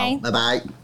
好，拜拜。